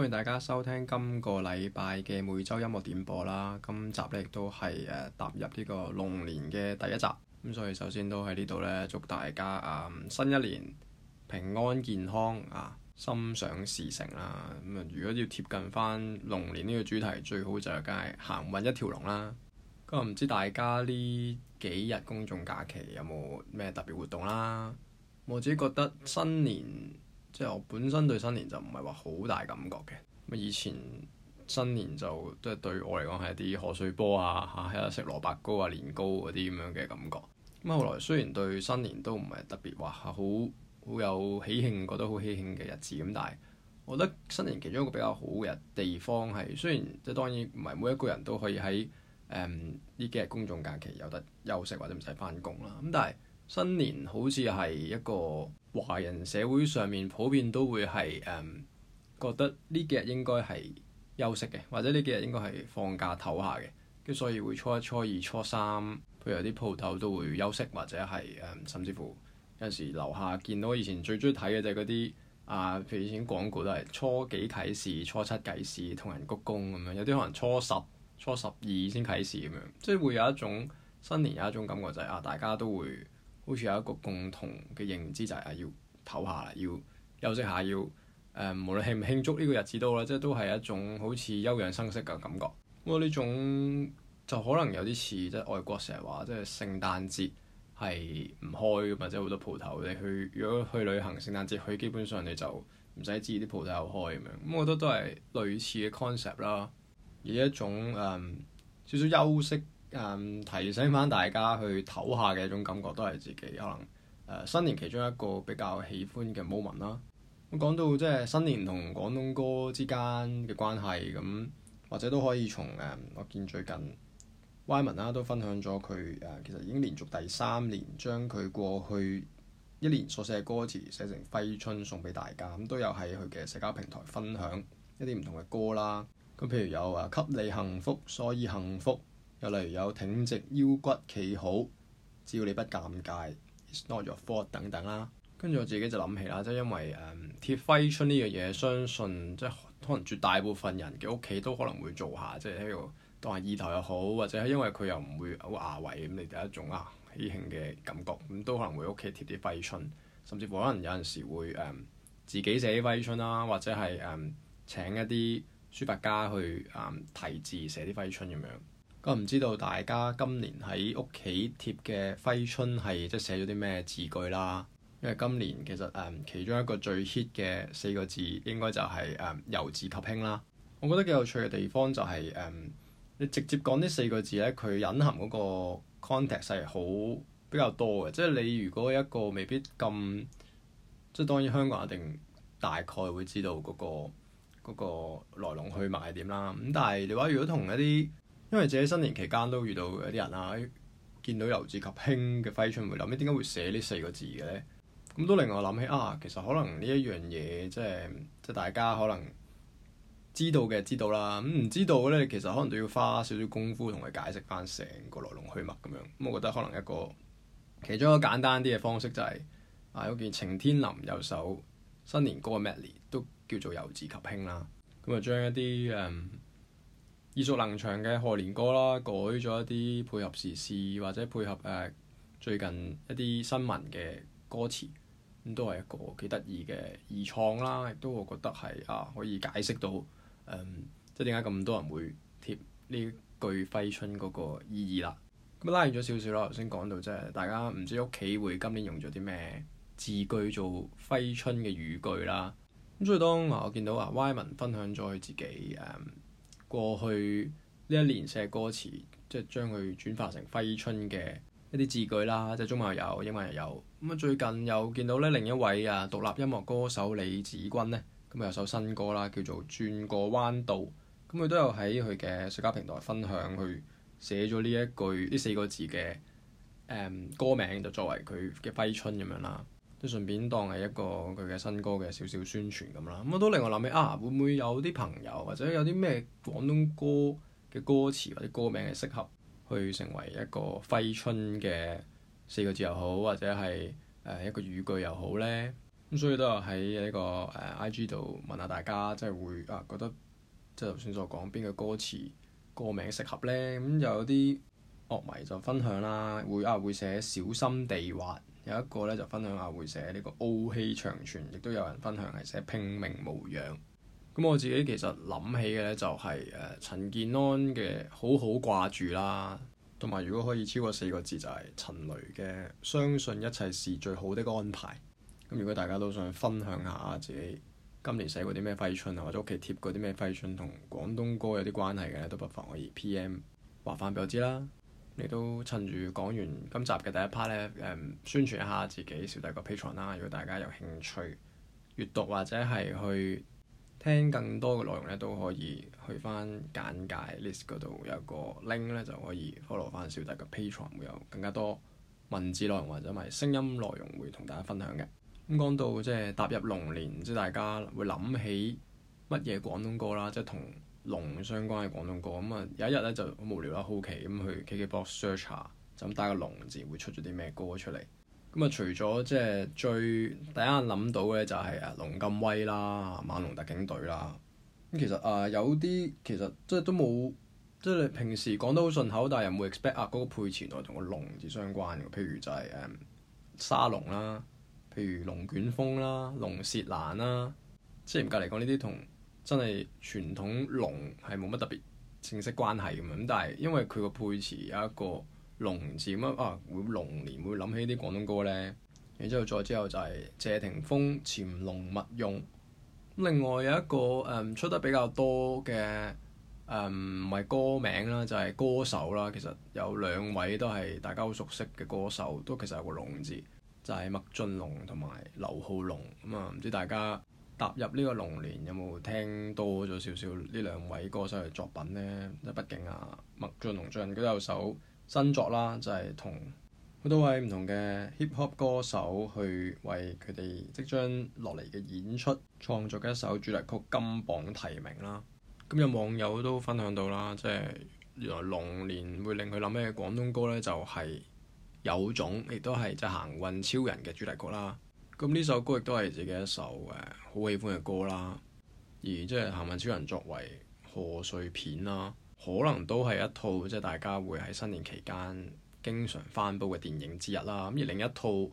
歡迎大家收聽今個禮拜嘅每周音樂點播啦，今集咧亦都係誒踏入呢個龍年嘅第一集，咁所以首先都喺呢度呢，祝大家啊新一年平安健康啊心想事成啦，咁啊如果要貼近翻龍年呢個主題，最好就梗係行運一條龍啦。咁啊唔知大家呢幾日公眾假期有冇咩特別活動啦？我自己覺得新年。即係我本身對新年就唔係話好大感覺嘅，咁以前新年就即係對我嚟講係一啲賀歲波啊嚇，有、啊、食蘿蔔糕啊年糕嗰啲咁樣嘅感覺。咁啊後來雖然對新年都唔係特別話好好有喜慶，覺得好喜慶嘅日子咁，但係我覺得新年其中一個比較好嘅地方係，雖然即係當然唔係每一個人都可以喺誒呢幾日公眾假期有得休息或者唔使翻工啦，咁但係新年好似係一個。華人社會上面普遍都會係誒、um, 覺得呢幾日應該係休息嘅，或者呢幾日應該係放假唞下嘅，咁所以會初一、初二、初三，譬如有啲鋪頭都會休息，或者係誒、嗯、甚至乎有陣時樓下見到以前最鍾意睇嘅就係嗰啲啊，譬如以前廣告都係初幾啟事，初七啟事，同人鞠躬咁樣，有啲可能初十、初十二先啟事咁樣，即係會有一種新年有一種感覺就係、是、啊，大家都會。好似有一個共同嘅認知就係、是、要唞下，要休息下，要、嗯、誒，無論慶唔慶祝呢個日子都好啦，即係都係一種好似休養生息嘅感覺。不過、嗯、呢種就可能有啲似即係外國成日話，即係聖誕節係唔開㗎嘛，即係好多鋪頭你去，如果去旅行聖誕節去，基本上你就唔使知啲鋪頭有開咁樣。咁、嗯、我覺得都係類似嘅 concept 啦，而一種誒、嗯、少少休息。提醒翻大家去唞下嘅一種感覺，都係自己可能新年其中一個比較喜歡嘅 moment 啦。咁講到即係新年同廣東歌之間嘅關係，咁或者都可以從誒、嗯、我見最近、w、Wyman 啦都分享咗佢誒，其實已經連續第三年將佢過去一年所寫嘅歌詞寫成《揮春》送俾大家。咁都有喺佢嘅社交平台分享一啲唔同嘅歌啦。咁譬如有誒，給你幸福，所以幸福。又例如有挺直腰骨，企好，只要你不尷尬，It's not your fault 等等啦。跟住我自己就諗起啦，即係因為誒貼揮春呢樣嘢，相信即係可能絕大部分人嘅屋企都可能會做下，即係喺度當係意頭又好，或者係因為佢又唔會好牙圍咁，你第一種啊喜慶嘅感覺，咁都可能會屋企貼啲揮春，甚至乎可能有陣時會誒、嗯、自己寫啲揮春啦，或者係誒、嗯、請一啲書法家去誒題、嗯、字寫啲揮春咁樣。我唔知道大家今年喺屋企貼嘅揮春係即係寫咗啲咩字句啦。因為今年其實誒、嗯、其中一個最 hit 嘅四個字應該就係誒由治及興啦。我覺得幾有趣嘅地方就係、是、誒、嗯、你直接講呢四個字咧，佢隱含嗰個 context 係好比較多嘅。即係你如果一個未必咁即係當然香港人一定大概會知道嗰、那個嗰、那個來龍去脈係點啦。咁但係你話如果同一啲因為自己新年期間都遇到有啲人啊，見到由治及興嘅揮春，回諗你點解會寫呢四個字嘅咧？咁都令我諗起啊，其實可能呢一樣嘢、就是，即係即係大家可能知道嘅知道啦，咁、嗯、唔知道嘅咧，其實可能都要花少少功夫同佢解釋翻成個來龍去脈咁樣。咁我覺得可能一個其中一個簡單啲嘅方式就係、是、啊，嗰件晴天林有首新年歌嘅《Medley 都叫做由治及興啦。咁啊，將一啲誒～、um, 耳熟能詳嘅賀年歌啦，改咗一啲配合時事或者配合誒最近一啲新聞嘅歌詞，咁都係一個幾得意嘅二創啦，亦都我覺得係啊可以解釋到即係點解咁多人會貼呢句揮春嗰個意義啦。咁拉完咗少少啦，頭先講到即係大家唔知屋企會今年用咗啲咩字句做揮春嘅語句啦。咁、啊、所以當、啊、我見到啊 Y 文分享咗佢自己誒。嗯過去呢一年寫歌詞，即係將佢轉化成揮春嘅一啲字句啦，即係中文又有，英文又有。咁啊，最近又見到咧另一位啊獨立音樂歌手李芷君呢，咁啊有首新歌啦，叫做《轉過彎道》。咁佢都有喺佢嘅社交平台分享佢寫咗呢一句呢四個字嘅誒歌名，就作為佢嘅揮春咁樣啦。即係順便當係一個佢嘅新歌嘅少少宣傳咁啦。咁我都令我諗起啊，會唔會有啲朋友或者有啲咩廣東歌嘅歌詞或者歌名係適合去成為一個揮春嘅四個字又好，或者係誒一個語句又好呢？咁所以都係喺呢個誒 IG 度問，問下大家，即係會啊覺得即係頭先所講邊個歌詞歌名嘅適合呢？咁就有啲樂迷就分享啦，會啊會寫小心地滑。有一個咧就分享下會寫呢、這個傲氣長存，亦都有人分享係寫拼命無恙。咁我自己其實諗起嘅咧就係誒陳健安嘅好好掛住啦，同埋如果可以超過四個字就係、是、陳雷嘅相信一切是最好的安排。咁如果大家都想分享下自己今年寫過啲咩揮春啊，或者屋企貼過啲咩揮春同廣東歌有啲關係嘅咧，都不妨可以 P.M. 話翻俾我知啦。你都趁住講完今集嘅第一 part 咧，誒、嗯、宣傳一下自己小弟個 Patreon 啦。如果大家有興趣閱讀或者係去聽更多嘅內容咧，都可以去翻簡介 list 嗰度有一個 link 咧，就可以 follow 翻小弟嘅 Patreon，會有更加多文字內容或者咪聲音內容會同大家分享嘅。咁、嗯、講到即係踏入龍年，唔知大家會諗起乜嘢廣東歌啦，即係同～龍相關嘅廣東歌，咁、嗯、啊有一日咧就好無聊啦，好奇咁去 KKBOX search 下，就咁打個龍字會出咗啲咩歌出嚟？咁、嗯、啊、嗯嗯、除咗即係最第一眼諗到嘅就係、是、啊龍金威啦、猛龍特警隊啦，咁、嗯、其實啊、呃、有啲其實即係都冇，即係平時講得好順口，但係又冇 expect 啊嗰、那個配詞原來同個龍字相關嘅，譬如就係、是、誒、嗯、沙龍啦，譬如龍捲風啦、龍舌蘭啦，即係唔隔離講呢啲同。真係傳統龍係冇乜特別正式關係嘅嘛，咁但係因為佢個配詞有一個龍字咁啊，會龍年會諗起啲廣東歌呢。然之後再之後就係謝霆鋒潛龍勿用。另外有一個誒、嗯、出得比較多嘅唔係歌名啦，就係、是、歌手啦。其實有兩位都係大家好熟悉嘅歌手，都其實有個龍字，就係麥浚龍同埋劉浩龍咁啊，唔、嗯、知大家。踏入呢個龍年，有冇聽多咗少少呢兩位歌手嘅作品呢？即係畢竟啊，麥浚龍最近都有首新作啦，就係、是、同好多位唔同嘅 hip hop 歌手去為佢哋即將落嚟嘅演出創作嘅一首主題曲金榜提名啦。咁有網友都分享到啦，即係原來龍年會令佢諗起嘅廣東歌呢，就係、是、有種，亦都係就行運超人嘅主題曲啦。咁呢首歌亦都係自己一首誒、啊、好喜歡嘅歌啦，而即係《行運超人》作為賀歲片啦，可能都係一套即係、就是、大家會喺新年期間經常翻煲嘅電影之一啦。咁而另一套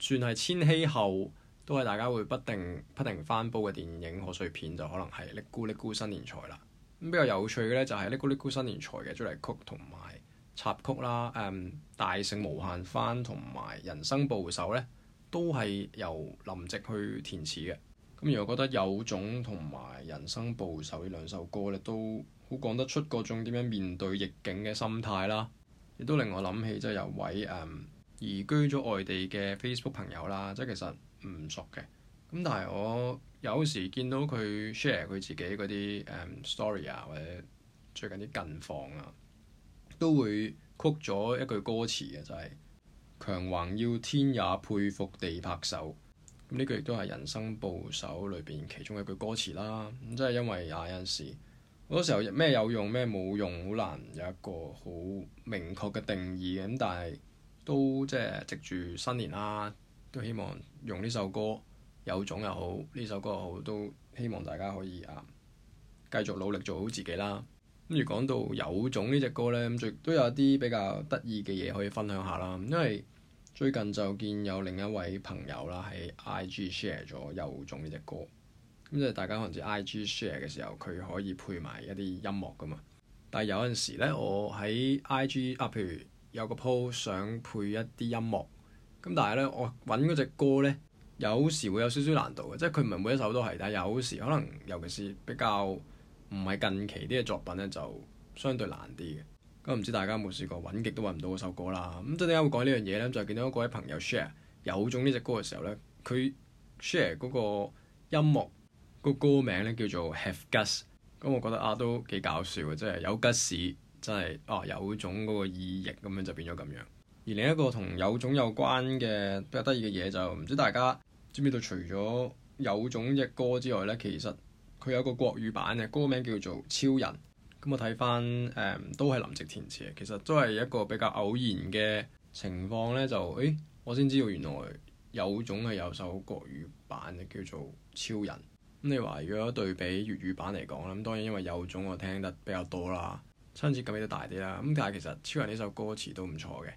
算係千禧後都係大家會不定不停翻煲嘅電影賀歲片，就可能係《嚦咕嚦咕新年財》啦。咁、嗯、比較有趣嘅呢、就是，就係《嚦咕嚦咕新年財》嘅主題曲同埋插曲啦。嗯、《大城無限翻》同埋《人生捕手》呢。都係由林夕去填詞嘅，咁而我覺得《有種》同埋《人生捕手》呢兩首歌咧，都好講得出嗰種點樣面對逆境嘅心態啦，亦都令我諗起即係有位誒、um, 移居咗外地嘅 Facebook 朋友啦，即係其實唔熟嘅，咁但係我有時見到佢 share 佢自己嗰啲誒 story 啊，或者最近啲近況啊，都會曲咗一句歌詞嘅就係、是。強橫要天也佩服地拍手，呢句亦都係人生捕手裏邊其中一句歌詞啦。咁即係因為啊有陣時，好多時候咩有用咩冇用，好難有一個好明確嘅定義。咁但係都即係藉住新年啦，都希望用呢首歌有種又好，呢首歌又好，都希望大家可以啊繼續努力做好自己啦。跟住講到有種呢隻歌呢，咁亦都有啲比較得意嘅嘢可以分享下啦，因為最近就見有另一位朋友啦喺 IG share 咗又中呢隻歌，咁即係大家可能知 IG share 嘅時候，佢可以配埋一啲音樂噶嘛。但係有陣時呢，我喺 IG 啊，譬如有個 po 想配一啲音樂，咁但係呢，我揾嗰隻歌呢，有時會有少少難度嘅，即係佢唔係每一首都係，但係有時可能尤其是比較唔係近期啲嘅作品呢，就相對難啲嘅。咁唔知大家有冇試過揾極都揾唔到嗰首歌啦？咁即係點解會講呢樣嘢呢？就係見到一位朋友 share 有種呢隻歌嘅時候呢，佢 share 嗰個音樂個歌名呢叫做 Have Guts。咁我覺得啊都幾搞笑嘅，即係有吉士真係啊有種嗰個意譯咁樣就變咗咁樣。而另一個同有種有關嘅比較得意嘅嘢就唔知大家知唔知道？除咗有種隻歌之外呢，其實佢有個國語版嘅歌名叫做超人。咁我睇返誒都係林夕填詞嘅，其實都係一個比較偶然嘅情況呢。就誒、欸、我先知道原來有種係有首國語版嘅叫做《超人》。咁你話如果對比粵語版嚟講啦，咁當然因為有種我聽得比較多啦，親切感亦都大啲啦。咁但係其實《超人》呢首歌詞都唔錯嘅，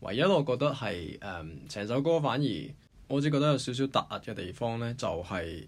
唯一我覺得係誒成首歌反而我只覺得有少少突兀嘅地方呢，就係、係《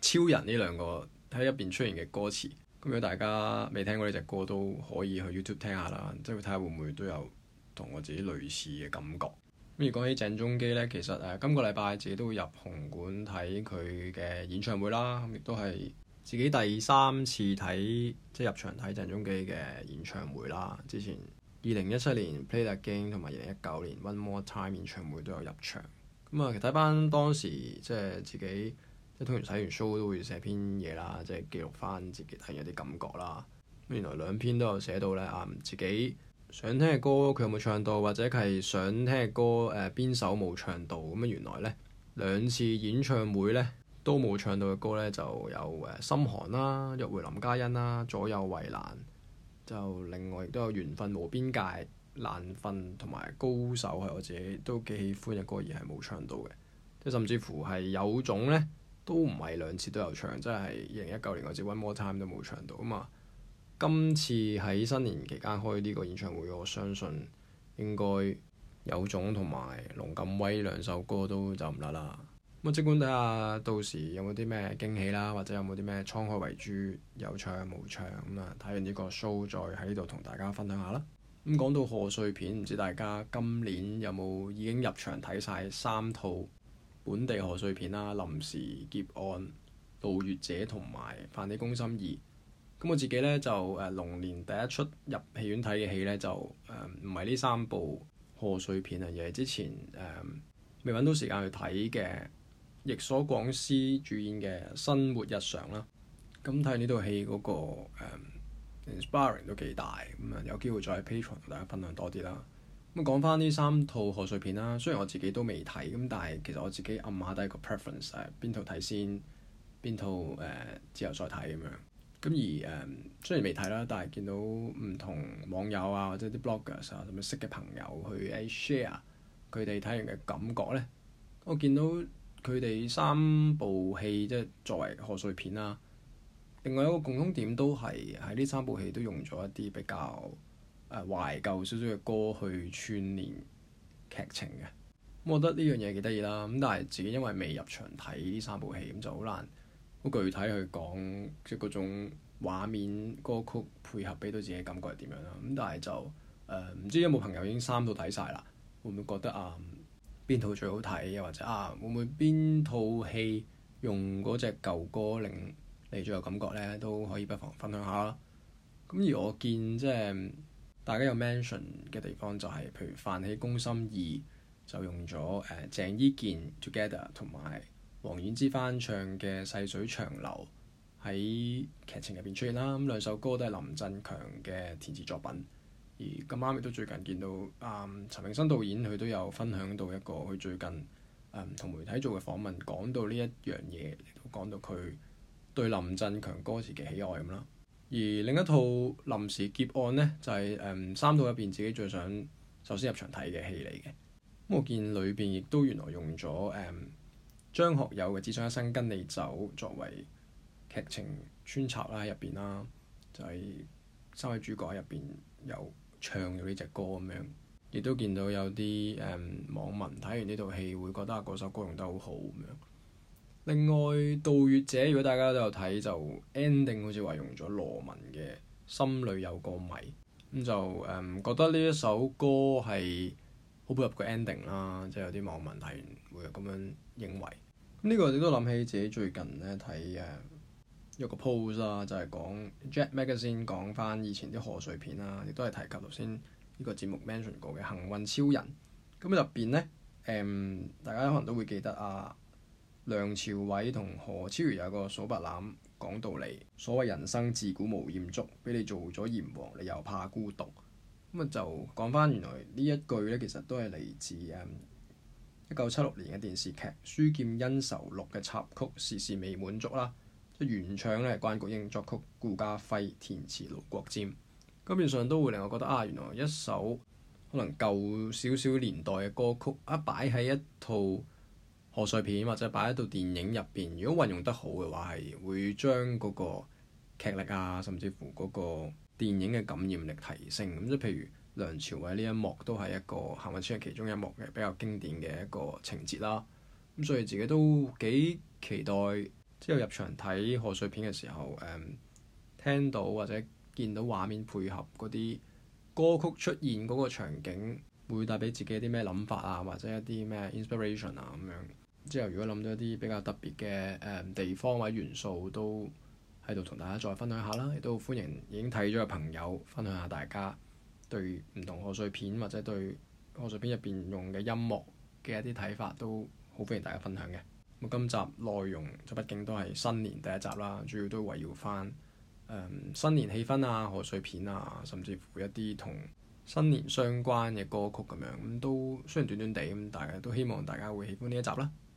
超人》呢兩個喺入邊出現嘅歌詞。咁如果大家未聽過呢隻歌，都可以去 YouTube 聽下啦，即係睇下會唔會，會都有同我自己類似嘅感覺。咁而講起鄭中基呢，其實誒、啊、今個禮拜自己都會入紅館睇佢嘅演唱會啦，亦都係自己第三次睇即係入場睇鄭中基嘅演唱會啦。之前二零一七年 Play Again 同埋二零一九年 One More Time 演唱會都有入場。咁啊，其實睇翻當時即係自己。通常睇完 show 都會寫篇嘢啦，即、就、係、是、記錄翻自己係有啲感覺啦。原來兩篇都有寫到呢，啊自己想聽嘅歌佢有冇唱到，或者係想聽嘅歌誒邊、呃、首冇唱到。咁啊，原來呢，兩次演唱會呢，都冇唱到嘅歌呢，就有誒心寒啦、約會林嘉欣啦、左右為難，就另外亦都有緣分無邊界、難瞓同埋高手係我自己都幾喜歡嘅歌，而係冇唱到嘅。即甚至乎係有種呢。都唔係兩次都有唱，即係二零一九年嗰次 One More Time 都冇唱到啊嘛！今次喺新年期間開呢個演唱會，我相信應該有種同埋龍咁威兩首歌都就唔甩啦。咁啊，即管睇下到時有冇啲咩驚喜啦，或者有冇啲咩滄海遺珠有唱冇唱咁啊？睇完呢個 show 再喺度同大家分享下啦。咁講到賀歲片，唔知大家今年有冇已經入場睇晒三套？本地賀歲片啦，臨時劫案、盜月者同埋飯戲攻心2。咁我自己咧就誒、呃、龍年第一出入戲院睇嘅戲咧就誒唔係呢三部賀歲片啊，而係之前誒未揾到時間去睇嘅役所廣司主演嘅生活日常啦。咁睇呢套戲嗰、那個、呃、inspiring 都幾大，咁啊有機會再喺 p Patreon 同大家分享多啲啦。咁講翻呢三套賀歲片啦，雖然我自己都未睇，咁但係其實我自己暗下底個 preference 係邊套睇先，邊套誒之後再睇咁樣。咁而誒、呃、雖然未睇啦，但係見到唔同網友啊或者啲 bloggers 啊咁樣識嘅朋友去 share 佢哋睇完嘅感覺咧，我見到佢哋三部戲即係作為賀歲片啦，另外一個共通點都係喺呢三部戲都用咗一啲比較。誒、啊、懷舊少少嘅歌去串連劇情嘅、嗯，我覺得呢樣嘢幾得意啦。咁但係自己因為未入場睇呢三部戲，咁就好難好具體去講，即係嗰種畫面歌曲配合俾到自己感覺係點樣啦。咁但係就誒唔、呃、知有冇朋友已經三套睇晒啦，會唔會覺得啊邊套最好睇，又或者啊會唔會邊套戲用嗰隻舊歌令你最有感覺呢？都可以不妨分享下啦。咁而我見即係。大家有 mention 嘅地方就係、是，譬如《飯戲攻心2》，就用咗誒、呃、鄭伊健 Together 同埋王菀之翻唱嘅《細水長流》，喺劇情入邊出現啦。咁兩首歌都係林振強嘅填詞作品，而咁啱亦都最近見到啊、呃、陳詠燊導演佢都有分享到一個佢最近誒同、呃、媒體做嘅訪問，講到呢一樣嘢，亦都講到佢對林振強歌詞嘅喜愛咁啦。而另一套臨時劫案咧，就係、是、誒、嗯、三套入邊自己最想首先入場睇嘅戲嚟嘅。咁、嗯、我見裏邊亦都原來用咗誒、嗯、張學友嘅《只想一生跟你走》作為劇情穿插啦，喺入邊啦，就係三位主角喺入邊有唱咗呢隻歌咁樣，亦都見到有啲誒、嗯、網民睇完呢套戲會覺得嗰首歌用得好好咁樣。另外《盜月者》如果大家都有睇，就 ending 好似話用咗羅文嘅《心裏有個謎》，咁就誒、嗯、覺得呢一首歌係好配合個 ending 啦，即、就、係、是、有啲網民睇完係會咁樣認為。呢個亦都諗起自己最近咧睇誒一個 post 啦，就係、是、講 Jack Magazine 講翻以前啲賀歲片啦，亦都係提及頭先呢個節目 mention 過嘅《行運超人》。咁入邊咧誒，大家可能都會記得啊～梁朝偉同何超儀有一個數白欖講道理，所謂人生自古無厭足，俾你做咗閻王，你又怕孤獨。咁啊就講翻原來呢一句咧，其實都係嚟自一九七六年嘅電視劇《書劍恩仇錄》嘅插曲《事事未滿足》啦。即原唱咧關菊英作曲，顧嘉輝填詞六，盧國沾。根本上都會令我覺得啊，原來一首可能舊少少年代嘅歌曲，一擺喺一套，賀歲片或者擺喺度電影入邊，如果運用得好嘅話，係會將嗰個劇力啊，甚至乎嗰個電影嘅感染力提升。咁即係譬如梁朝偉呢一幕都係一個《行運車》其中一幕嘅比較經典嘅一個情節啦。咁所以自己都幾期待之後入場睇賀歲片嘅時候，誒、嗯、聽到或者見到畫面配合嗰啲歌曲出現嗰個場景，會帶俾自己一啲咩諗法啊，或者一啲咩 inspiration 啊咁樣。之後，如果諗到一啲比較特別嘅誒地方或者元素，都喺度同大家再分享下啦。亦都歡迎已經睇咗嘅朋友分享下大家對唔同賀歲片或者對賀歲片入邊用嘅音樂嘅一啲睇法，都好歡迎大家分享嘅。咁、嗯、今集內容就畢竟都係新年第一集啦，主要都圍繞翻誒、嗯、新年氣氛啊、賀歲片啊，甚至乎一啲同新年相關嘅歌曲咁樣。咁、嗯、都雖然短短地咁，但係都希望大家會喜歡呢一集啦。